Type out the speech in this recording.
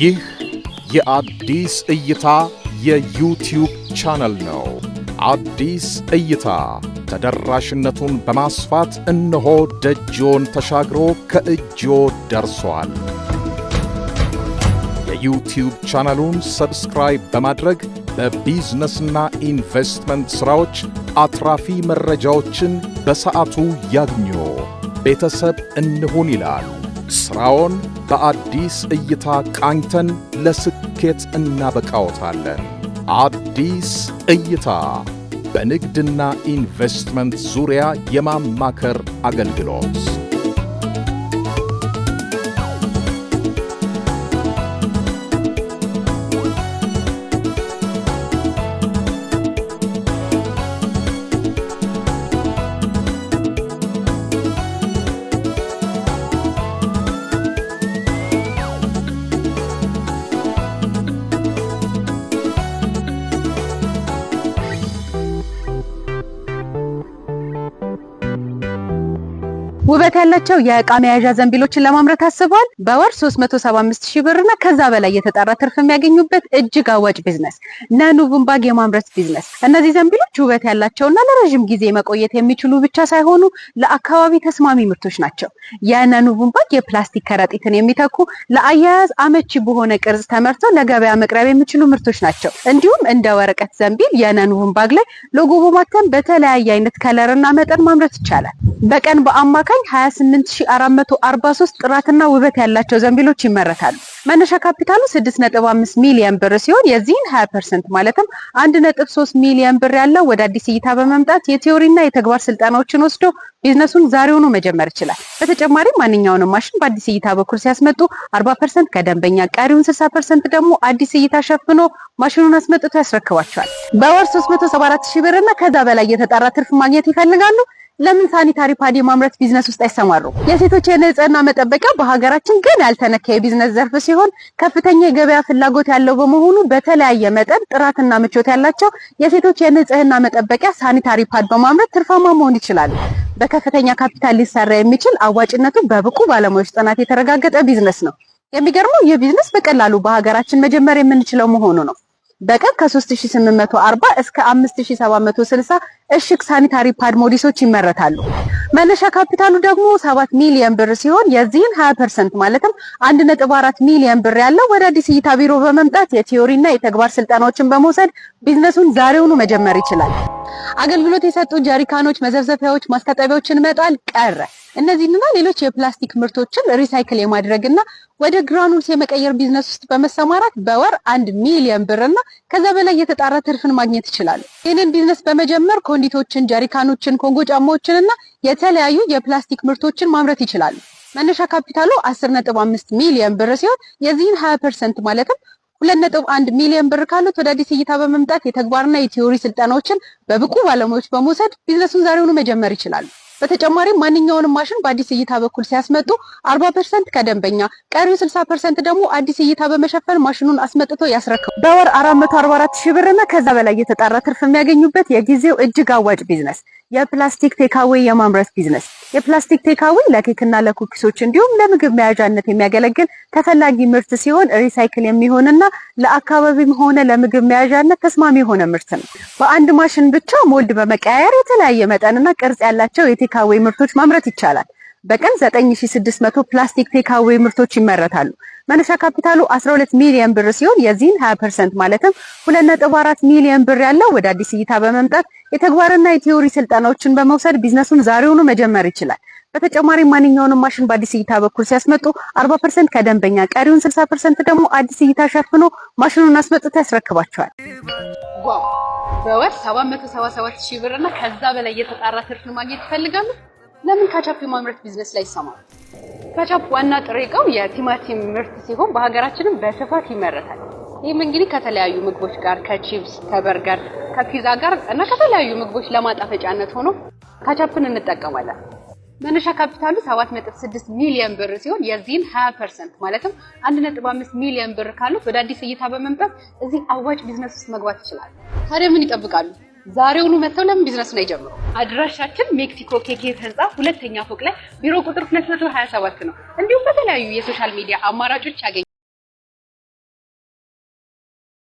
ይህ የአዲስ እይታ የዩቲዩብ ቻናል ነው። አዲስ እይታ ተደራሽነቱን በማስፋት እነሆ ደጅዎን ተሻግሮ ከእጅዎ ደርሷል። የዩቲዩብ ቻናሉን ሰብስክራይብ በማድረግ በቢዝነስና ኢንቨስትመንት ሥራዎች አትራፊ መረጃዎችን በሰዓቱ ያግኙ። ቤተሰብ እንሁን ይላል። ስራውን በአዲስ እይታ ቃኝተን ለስኬት እናበቃዎታለን። አዲስ እይታ በንግድና ኢንቨስትመንት ዙሪያ የማማከር አገልግሎት ውበት ያላቸው የእቃ መያዣ ዘንቢሎችን ለማምረት አስበዋል። በወር 375 ሺህ ብርና ከዛ በላይ የተጣራ ትርፍ የሚያገኙበት እጅግ አዋጭ ቢዝነስ ነኑ ቡምባግ የማምረት ቢዝነስ። እነዚህ ዘንቢሎች ውበት ያላቸውና ለረዥም ጊዜ መቆየት የሚችሉ ብቻ ሳይሆኑ ለአካባቢ ተስማሚ ምርቶች ናቸው። የነኑ ቡምባግ የፕላስቲክ ከረጢትን የሚተኩ ለአያያዝ አመቺ በሆነ ቅርጽ ተመርተው ለገበያ መቅረብ የሚችሉ ምርቶች ናቸው። እንዲሁም እንደ ወረቀት ዘንቢል የነኑ ቡምባግ ላይ ሎጎ በማተም በተለያየ አይነት ከለርና መጠን ማምረት ይቻላል። በቀን በአማካይ 28443 ጥራትና ውበት ያላቸው ዘንቢሎች ይመረታሉ። መነሻ ካፒታሉ 6.5 ሚሊዮን ብር ሲሆን የዚህን 20% ማለትም 1.3 ሚሊዮን ብር ያለው ወደ አዲስ እይታ በመምጣት የቲዮሪና የተግባር ስልጠናዎችን ወስዶ ቢዝነሱን ዛሬውኑ መጀመር ይችላል። በተጨማሪ ማንኛውንም ማሽን በአዲስ እይታ በኩል ሲያስመጡ 40% ከደንበኛ ቀሪውን 60% ደግሞ አዲስ እይታ ሸፍኖ ማሽኑን አስመጥቶ ያስረክባቸዋል። በወር 374000 ብር እና ከዛ በላይ የተጣራ ትርፍ ማግኘት ይፈልጋሉ? ለምን ሳኒታሪ ፓድ የማምረት ቢዝነስ ውስጥ አይሰማሩ? የሴቶች የንጽህና መጠበቂያ በሀገራችን ገና ያልተነካ የቢዝነስ ዘርፍ ሲሆን ከፍተኛ የገበያ ፍላጎት ያለው በመሆኑ በተለያየ መጠን ጥራትና ምቾት ያላቸው የሴቶች የንጽህና መጠበቂያ ሳኒታሪ ፓድ በማምረት ትርፋማ መሆን ይችላል። በከፍተኛ ካፒታል ሊሰራ የሚችል አዋጭነቱ በብቁ ባለሙያዎች ጥናት የተረጋገጠ ቢዝነስ ነው። የሚገርመው ይህ ቢዝነስ በቀላሉ በሀገራችን መጀመር የምንችለው መሆኑ ነው። በቀን ከ3840 እስከ 5760 እሽግ ሳኒታሪ ፓድ ሞዲሶች ይመረታሉ። መነሻ ካፒታሉ ደግሞ 7 ሚሊዮን ብር ሲሆን የዚህን 20% ማለትም 1.4 ሚሊዮን ብር ያለው ወደ አዲስ እይታ ቢሮ በመምጣት የቲዮሪና የተግባር ስልጠናዎችን በመውሰድ ቢዝነሱን ዛሬውኑ መጀመር ይችላል። አገልግሎት የሰጡ ጀሪካኖች፣ መዘብዘፊያዎች፣ ማስታጠቢያዎችን መጣል ቀረ። እነዚህንና ሌሎች የፕላስቲክ ምርቶችን ሪሳይክል የማድረግና ወደ ግራኑልስ የመቀየር ቢዝነስ ውስጥ በመሰማራት በወር አንድ ሚሊዮን ብርና ከዛ በላይ የተጣራ ትርፍን ማግኘት ይችላሉ። ይህንን ቢዝነስ በመጀመር ኮንዲቶችን፣ ጀሪካኖችን፣ ኮንጎ ጫማዎችንና የተለያዩ የፕላስቲክ ምርቶችን ማምረት ይችላሉ። መነሻ ካፒታሉ 10.5 ሚሊዮን ብር ሲሆን የዚህን 20 ፐርሰንት ማለትም ሁለት ነጥብ አንድ ሚሊዮን ብር ካሉት ወደ አዲስ እይታ በመምጣት የተግባርና የቲዮሪ ስልጠናዎችን በብቁ ባለሙያዎች በመውሰድ ቢዝነሱን ዛሬውኑ መጀመር ይችላሉ። በተጨማሪም ማንኛውንም ማሽን በአዲስ እይታ በኩል ሲያስመጡ 40% ከደንበኛ ቀሪው 60% ደግሞ አዲስ እይታ በመሸፈን ማሽኑን አስመጥቶ ያስረክቡ። በወር 444 ሺህ ብርና ከዛ በላይ የተጣራ ትርፍ የሚያገኙበት የጊዜው እጅግ አዋጭ ቢዝነስ የፕላስቲክ ቴካዌይ የማምረት ቢዝነስ የፕላስቲክ ቴካዌይ ለኬክና ለኩኪሶች እንዲሁም ለምግብ መያዣነት የሚያገለግል ተፈላጊ ምርት ሲሆን ሪሳይክል የሚሆንና ለአካባቢም ሆነ ለምግብ መያዣነት ተስማሚ የሆነ ምርት ነው። በአንድ ማሽን ብቻ ሞልድ በመቀያየር የተለያየ መጠንና ቅርጽ ያላቸው የቴካዌይ ምርቶች ማምረት ይቻላል። በቀን 9600 ፕላስቲክ ቴካዌይ ምርቶች ይመረታሉ። መነሻ ካፒታሉ 12 ሚሊዮን ብር ሲሆን የዚህን 20% ማለትም 2.4 ሚሊዮን ብር ያለው ወደ አዲስ እይታ በመምጣት የተግባርና የቲዮሪ ስልጠናዎችን በመውሰድ ቢዝነሱን ዛሬውኑ መጀመር ይችላል። በተጨማሪ ማንኛውንም ማሽን በአዲስ እይታ በኩል ሲያስመጡ 40% ከደንበኛ ቀሪውን 60% ደግሞ አዲስ እይታ ሸፍኖ ማሽኑን አስመጥቶ ያስረክባቸዋል። በወር 777 ሺህ ብር እና ከዛ በላይ የተጣራ ትርፍ ማግኘት ይፈልጋሉ። ለምን ካቻፕ የማምረት ቢዝነስ ላይ ይሰማል? ካቻፕ ዋና ጥሬ እቃው የቲማቲም ምርት ሲሆን በሀገራችንም በስፋት ይመረታል። ይህም እንግዲህ ከተለያዩ ምግቦች ጋር ከቺፕስ፣ ከበርገር፣ ከፒዛ ጋር እና ከተለያዩ ምግቦች ለማጣፈጫነት ሆኖ ካቻፕን እንጠቀማለን። መነሻ ካፒታሉ 7.6 ሚሊዮን ብር ሲሆን የዚህን 20 ፐርሰንት ማለትም 1.5 ሚሊዮን ብር ካሉት ወደ አዲስ እይታ በመምጣት እዚህ አዋጭ ቢዝነስ ውስጥ መግባት ይችላል። ታዲያ ምን ይጠብቃሉ? ዛሬውኑ መጥተው ለምን ቢዝነስ ነው ይጀምሩ። አድራሻችን ሜክሲኮ ኬኬፍ ህንፃ ሁለተኛ ፎቅ ላይ ቢሮ ቁጥር 227 ነው። እንዲሁም በተለያዩ የሶሻል ሚዲያ አማራጮች ያገኛል።